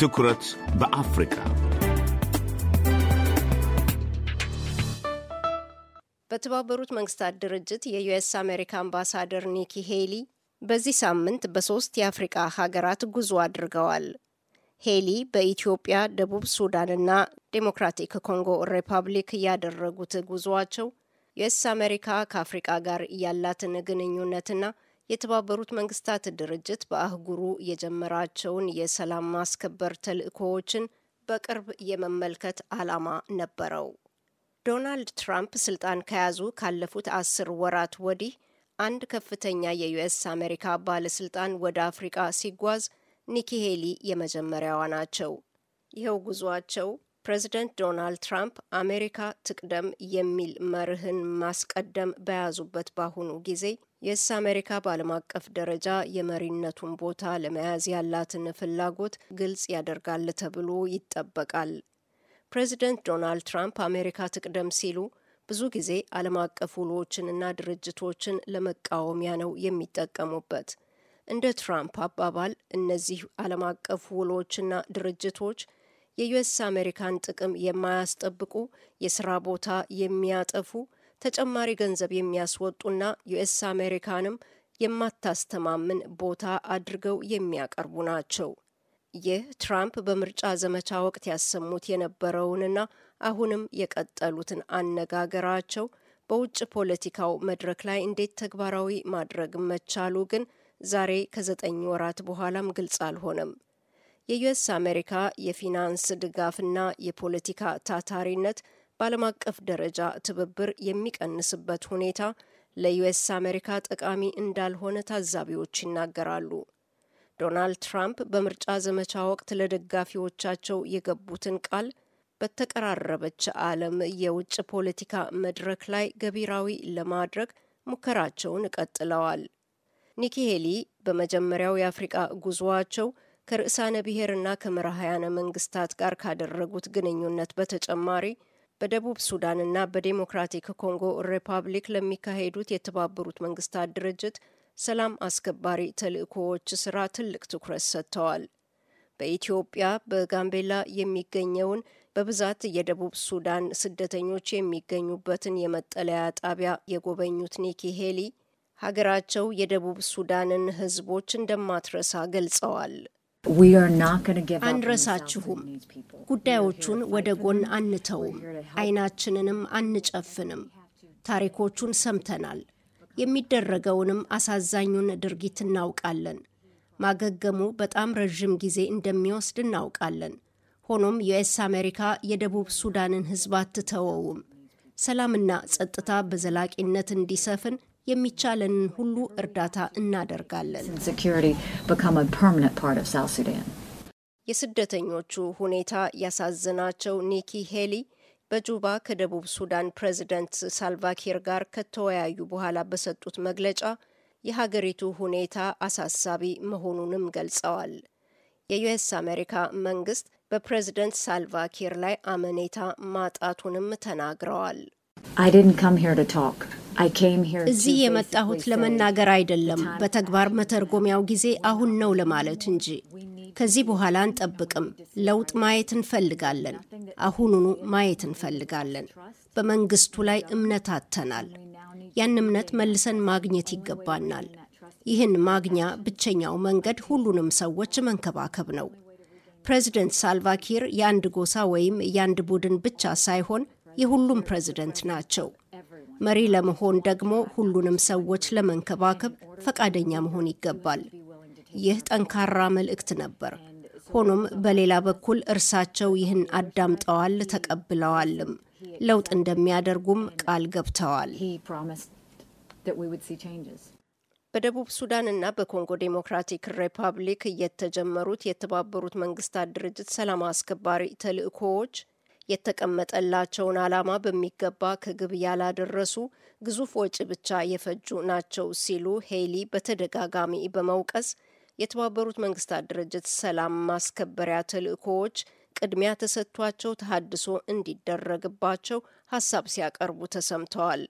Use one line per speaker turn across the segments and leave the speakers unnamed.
ትኩረት በአፍሪካ
በተባበሩት መንግስታት ድርጅት የዩኤስ አሜሪካ አምባሳደር ኒኪ ሄሊ በዚህ ሳምንት በሶስት የአፍሪቃ ሀገራት ጉዞ አድርገዋል። ሄሊ በኢትዮጵያ፣ ደቡብ ሱዳንና ዴሞክራቲክ ኮንጎ ሪፐብሊክ ያደረጉት ጉዞአቸው ዩኤስ አሜሪካ ከአፍሪቃ ጋር ያላትን ግንኙነትና የተባበሩት መንግስታት ድርጅት በአህጉሩ የጀመራቸውን የሰላም ማስከበር ተልእኮዎችን በቅርብ የመመልከት አላማ ነበረው። ዶናልድ ትራምፕ ስልጣን ከያዙ ካለፉት አስር ወራት ወዲህ አንድ ከፍተኛ የዩኤስ አሜሪካ ባለስልጣን ወደ አፍሪቃ ሲጓዝ ኒኪ ሄሊ የመጀመሪያዋ ናቸው። ይኸው ጉዟቸው ፕሬዚደንት ዶናልድ ትራምፕ አሜሪካ ትቅደም የሚል መርህን ማስቀደም በያዙበት ባሁኑ ጊዜ የስ አሜሪካ በዓለም አቀፍ ደረጃ የመሪነቱን ቦታ ለመያዝ ያላትን ፍላጎት ግልጽ ያደርጋል ተብሎ ይጠበቃል። ፕሬዚደንት ዶናልድ ትራምፕ አሜሪካ ትቅደም ሲሉ ብዙ ጊዜ ዓለም አቀፍ ውሎችንና ድርጅቶችን ለመቃወሚያ ነው የሚጠቀሙበት። እንደ ትራምፕ አባባል እነዚህ ዓለም አቀፍ ውሎችና ድርጅቶች የዩኤስ አሜሪካን ጥቅም የማያስጠብቁ፣ የስራ ቦታ የሚያጠፉ ተጨማሪ ገንዘብ የሚያስወጡና ዩኤስ አሜሪካንም የማታስተማምን ቦታ አድርገው የሚያቀርቡ ናቸው። ይህ ትራምፕ በምርጫ ዘመቻ ወቅት ያሰሙት የነበረውንና አሁንም የቀጠሉትን አነጋገራቸው በውጭ ፖለቲካው መድረክ ላይ እንዴት ተግባራዊ ማድረግ መቻሉ ግን ዛሬ ከዘጠኝ ወራት በኋላም ግልጽ አልሆነም። የዩኤስ አሜሪካ የፊናንስ ድጋፍና የፖለቲካ ታታሪነት በዓለም አቀፍ ደረጃ ትብብር የሚቀንስበት ሁኔታ ለዩኤስ አሜሪካ ጠቃሚ እንዳልሆነ ታዛቢዎች ይናገራሉ። ዶናልድ ትራምፕ በምርጫ ዘመቻ ወቅት ለደጋፊዎቻቸው የገቡትን ቃል በተቀራረበች ዓለም የውጭ ፖለቲካ መድረክ ላይ ገቢራዊ ለማድረግ ሙከራቸውን ቀጥለዋል። ኒኪ ሄሊ በመጀመሪያው የአፍሪቃ ጉዞዋቸው ከርዕሳነ ብሔርና ከመራሃያነ መንግስታት ጋር ካደረጉት ግንኙነት በተጨማሪ በደቡብ ሱዳንና በዴሞክራቲክ ኮንጎ ሪፐብሊክ ለሚካሄዱት የተባበሩት መንግስታት ድርጅት ሰላም አስከባሪ ተልእኮዎች ስራ ትልቅ ትኩረት ሰጥተዋል። በኢትዮጵያ በጋምቤላ የሚገኘውን በብዛት የደቡብ ሱዳን ስደተኞች የሚገኙበትን የመጠለያ ጣቢያ የጎበኙት ኒኪ ሄሊ ሀገራቸው የደቡብ ሱዳንን ሕዝቦች እንደማትረሳ ገልጸዋል። አንረሳችሁም። ጉዳዮቹን ወደ ጎን አንተውም፣ አይናችንንም አንጨፍንም። ታሪኮቹን ሰምተናል። የሚደረገውንም አሳዛኙን ድርጊት እናውቃለን። ማገገሙ በጣም ረዥም ጊዜ እንደሚወስድ እናውቃለን። ሆኖም ዩኤስ አሜሪካ የደቡብ ሱዳንን ሕዝብ አትተወውም። ሰላምና ጸጥታ በዘላቂነት እንዲሰፍን የሚቻለንን ሁሉ እርዳታ እናደርጋለን። የስደተኞቹ ሁኔታ ያሳዝናቸው ኒኪ ሄሊ በጁባ ከደቡብ ሱዳን ፕሬዚደንት ሳልቫኪር ጋር ከተወያዩ በኋላ በሰጡት መግለጫ የሀገሪቱ ሁኔታ አሳሳቢ መሆኑንም ገልጸዋል። የዩኤስ አሜሪካ መንግስት በፕሬዝደንት ሳልቫኪር ላይ አመኔታ ማጣቱንም ተናግረዋል።
I didn't come here to talk. እዚህ የመጣሁት
ለመናገር አይደለም፣ በተግባር መተርጎሚያው ጊዜ አሁን ነው ለማለት እንጂ። ከዚህ በኋላ አንጠብቅም። ለውጥ ማየት እንፈልጋለን። አሁኑኑ ማየት እንፈልጋለን። በመንግስቱ ላይ እምነት አጥተናል። ያን እምነት መልሰን ማግኘት ይገባናል። ይህን ማግኛ ብቸኛው መንገድ ሁሉንም ሰዎች መንከባከብ ነው። ፕሬዚደንት ሳልቫኪር የአንድ ጎሳ ወይም የአንድ ቡድን ብቻ ሳይሆን የሁሉም ፕሬዚደንት ናቸው። መሪ ለመሆን ደግሞ ሁሉንም ሰዎች ለመንከባከብ ፈቃደኛ መሆን ይገባል። ይህ ጠንካራ መልእክት ነበር። ሆኖም በሌላ በኩል እርሳቸው ይህን አዳምጠዋል፣ ተቀብለዋልም። ለውጥ እንደሚያደርጉም ቃል ገብተዋል። በደቡብ እና በኮንጎ ዴሞክራቲክ ሪፐብሊክ የተጀመሩት የተባበሩት መንግስታት ድርጅት ሰላም አስከባሪ ተልዕኮዎች የተቀመጠላቸውን ዓላማ በሚገባ ከግብ ያላደረሱ ግዙፍ ወጪ ብቻ የፈጁ ናቸው ሲሉ ሄሊ በተደጋጋሚ በመውቀስ የተባበሩት መንግስታት ድርጅት ሰላም ማስከበሪያ ተልዕኮዎች ቅድሚያ ተሰጥቷቸው ተሃድሶ እንዲደረግባቸው ሀሳብ ሲያቀርቡ ተሰምተዋል።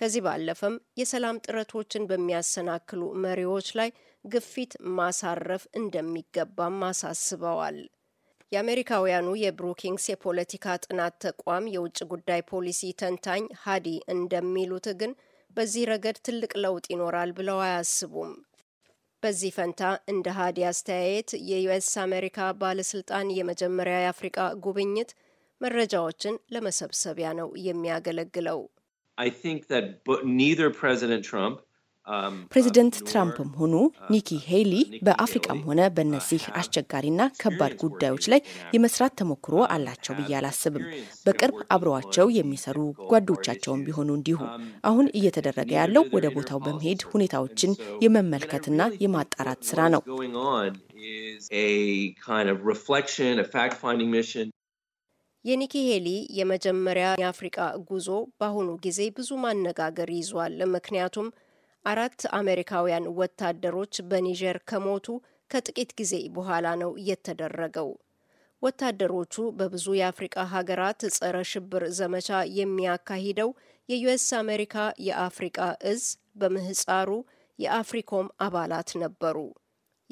ከዚህ ባለፈም የሰላም ጥረቶችን በሚያሰናክሉ መሪዎች ላይ ግፊት ማሳረፍ እንደሚገባም አሳስበዋል። የአሜሪካውያኑ የብሩኪንግስ የፖለቲካ ጥናት ተቋም የውጭ ጉዳይ ፖሊሲ ተንታኝ ሀዲ እንደሚሉት ግን በዚህ ረገድ ትልቅ ለውጥ ይኖራል ብለው አያስቡም። በዚህ ፈንታ እንደ ሀዲ አስተያየት የዩኤስ አሜሪካ ባለስልጣን የመጀመሪያ የአፍሪቃ ጉብኝት መረጃዎችን ለመሰብሰቢያ ነው የሚያገለግለው። Um, uh, ፕሬዚደንት ትራምፕም uh, ሆኑ uh, ኒኪ ሄሊ
በአፍሪቃም ሆነ በእነዚህ አስቸጋሪና ከባድ ጉዳዮች ላይ የመስራት ተሞክሮ አላቸው ብዬ አላስብም። በቅርብ አብረዋቸው የሚሰሩ ጓዶቻቸውም ቢሆኑ እንዲሁ። um, አሁን እየተደረገ ያለው ወደ ቦታው በመሄድ ሁኔታዎችን የመመልከትና የማጣራት ስራ ነው።
የኒኪ ሄሊ የመጀመሪያ የአፍሪቃ ጉዞ በአሁኑ ጊዜ ብዙ ማነጋገር ይዟል። ምክንያቱም አራት አሜሪካውያን ወታደሮች በኒጀር ከሞቱ ከጥቂት ጊዜ በኋላ ነው የተደረገው። ወታደሮቹ በብዙ የአፍሪቃ ሀገራት ጸረ ሽብር ዘመቻ የሚያካሂደው የዩኤስ አሜሪካ የአፍሪቃ እዝ በምህፃሩ የአፍሪኮም አባላት ነበሩ።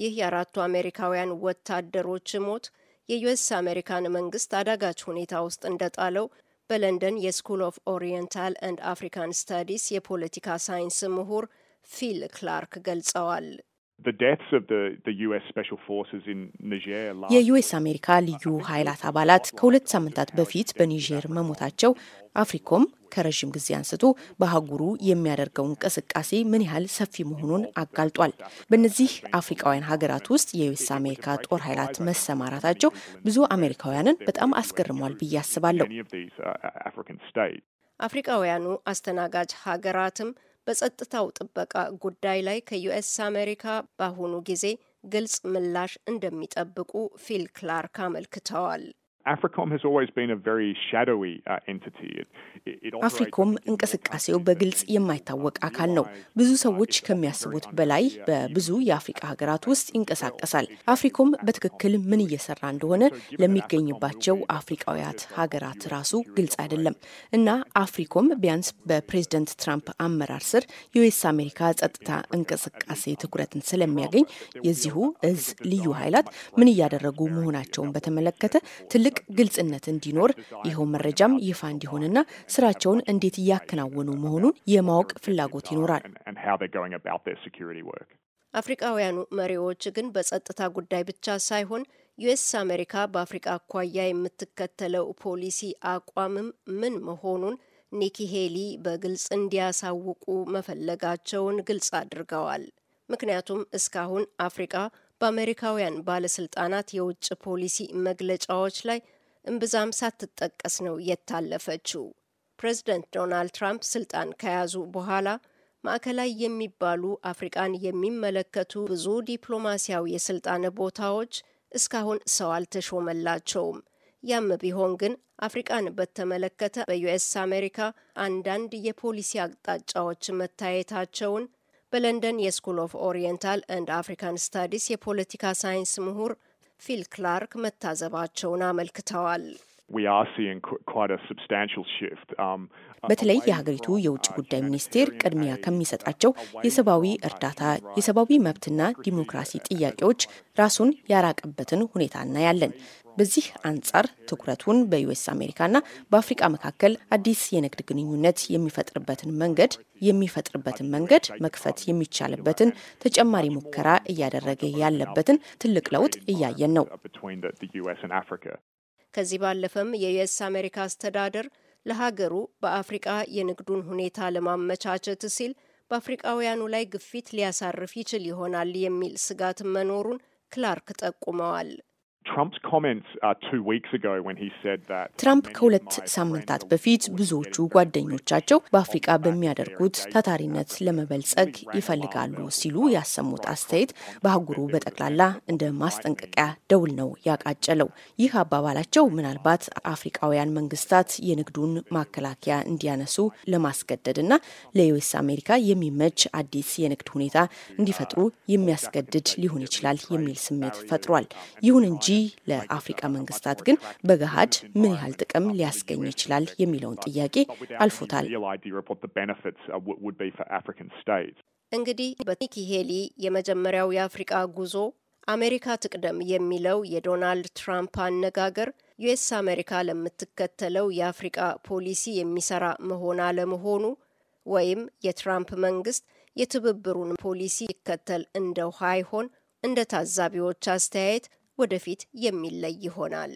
ይህ የአራቱ አሜሪካውያን ወታደሮች ሞት የዩኤስ አሜሪካን መንግስት አዳጋች ሁኔታ ውስጥ እንደጣለው በለንደን የስኩል ኦፍ ኦሪየንታል አንድ አፍሪካን ስታዲስ የፖለቲካ ሳይንስ ምሁር ፊል ክላርክ ገልጸዋል።
የዩኤስ
አሜሪካ ልዩ ኃይላት አባላት ከሁለት ሳምንታት በፊት በኒጀር መሞታቸው አፍሪኮም ከረዥም ጊዜ አንስቶ በአህጉሩ የሚያደርገው እንቅስቃሴ ምን ያህል ሰፊ መሆኑን አጋልጧል። በእነዚህ አፍሪካውያን ሀገራት ውስጥ የዩኤስ አሜሪካ ጦር ኃይላት መሰማራታቸው ብዙ አሜሪካውያንን በጣም አስገርሟል ብዬ አስባለሁ። uh,
አፍሪካውያኑ አስተናጋጅ ሀገራትም በጸጥታው ጥበቃ ጉዳይ ላይ ከዩኤስ አሜሪካ በአሁኑ ጊዜ ግልጽ ምላሽ እንደሚጠብቁ ፊል ክላርክ አመልክተዋል።
አፍሪኮም
uh, እንቅስቃሴው በግልጽ የማይታወቅ አካል ነው። ብዙ ሰዎች ከሚያስቡት በላይ በብዙ የአፍሪቃ ሀገራት ውስጥ ይንቀሳቀሳል። አፍሪኮም በትክክል ምን እየሰራ እንደሆነ ለሚገኝባቸው አፍሪቃውያት ሀገራት ራሱ ግልጽ አይደለም እና አፍሪኮም ቢያንስ በፕሬዝደንት ትራምፕ አመራር ስር የዩኤስ አሜሪካ ጸጥታ እንቅስቃሴ ትኩረትን ስለሚያገኝ የዚሁ እዝ ልዩ ኃይላት ምን እያደረጉ መሆናቸውን በተመለከተ ትልቅ ይልቅ ግልጽነት እንዲኖር ይኸው መረጃም ይፋ እንዲሆንና ስራቸውን እንዴት እያከናወኑ መሆኑን የማወቅ ፍላጎት ይኖራል።
አፍሪቃውያኑ መሪዎች ግን በጸጥታ ጉዳይ ብቻ ሳይሆን ዩኤስ አሜሪካ በአፍሪቃ አኳያ የምትከተለው ፖሊሲ አቋምም ምን መሆኑን ኒኪ ሄሊ በግልጽ እንዲያሳውቁ መፈለጋቸውን ግልጽ አድርገዋል። ምክንያቱም እስካሁን አፍሪቃ በአሜሪካውያን ባለስልጣናት የውጭ ፖሊሲ መግለጫዎች ላይ እምብዛም ሳትጠቀስ ነው የታለፈችው። ፕሬዚደንት ዶናልድ ትራምፕ ስልጣን ከያዙ በኋላ ማዕከላዊ የሚባሉ አፍሪቃን የሚመለከቱ ብዙ ዲፕሎማሲያዊ የስልጣን ቦታዎች እስካሁን ሰው አልተሾመላቸውም። ያም ቢሆን ግን አፍሪቃን በተመለከተ በዩኤስ አሜሪካ አንዳንድ የፖሊሲ አቅጣጫዎች መታየታቸውን በለንደን የስኩል ኦፍ ኦሪየንታል ኤንድ አፍሪካን ስታዲስ የፖለቲካ ሳይንስ ምሁር ፊል ክላርክ መታዘባቸውን አመልክተዋል።
Um,
በተለይ የሀገሪቱ የውጭ uh, ጉዳይ ሚኒስቴር ቅድሚያ ከሚሰጣቸው uh, የሰብአዊ uh, እርዳታ፣ የሰብአዊ መብትና ዲሞክራሲ ጥያቄዎች ራሱን ያራቀበትን ሁኔታ እናያለን። በዚህ አንጻር ትኩረቱን በዩኤስ አሜሪካና በአፍሪቃ መካከል አዲስ የንግድ ግንኙነት የሚፈጥርበትን መንገድ የሚፈጥርበትን መንገድ መክፈት የሚቻልበትን ተጨማሪ ሙከራ እያደረገ ያለበትን ትልቅ ለውጥ እያየን ነው።
ከዚህ ባለፈም የዩኤስ አሜሪካ አስተዳደር ለሀገሩ በአፍሪቃ የንግዱን ሁኔታ ለማመቻቸት ሲል በአፍሪቃውያኑ ላይ ግፊት ሊያሳርፍ ይችል ይሆናል የሚል ስጋት መኖሩን ክላርክ ጠቁመዋል።
ትራምፕ uh,
ከሁለት ሳምንታት በፊት ብዙዎቹ ጓደኞቻቸው በአፍሪቃ በሚያደርጉት ታታሪነት uh, ለመበልጸግ ይፈልጋሉ ሲሉ ያሰሙት አስተያየት በአህጉሩ በጠቅላላ እንደ ማስጠንቀቂያ ደውል ነው ያቃጨለው። ይህ አባባላቸው ምናልባት አፍሪቃውያን መንግስታት የንግዱን ማከላከያ እንዲያነሱ ለማስገደድ እና ለዩኤስ አሜሪካ የሚመች አዲስ የንግድ ሁኔታ እንዲፈጥሩ የሚያስገድድ ሊሆን ይችላል የሚል ስሜት ፈጥሯል። ይሁን እንጂ እንጂ ለአፍሪካ መንግስታት ግን በገሃድ ምን ያህል ጥቅም ሊያስገኝ ይችላል የሚለውን ጥያቄ አልፎታል።
እንግዲህ በኒኪ ሄሊ የመጀመሪያው የአፍሪቃ ጉዞ አሜሪካ ትቅደም የሚለው የዶናልድ ትራምፕ አነጋገር ዩኤስ አሜሪካ ለምትከተለው የአፍሪቃ ፖሊሲ የሚሰራ መሆን አለመሆኑ ወይም የትራምፕ መንግስት የትብብሩን ፖሊሲ ይከተል እንደው አይሆን እንደ ታዛቢዎች አስተያየት ወደፊት የሚለይ ይሆናል።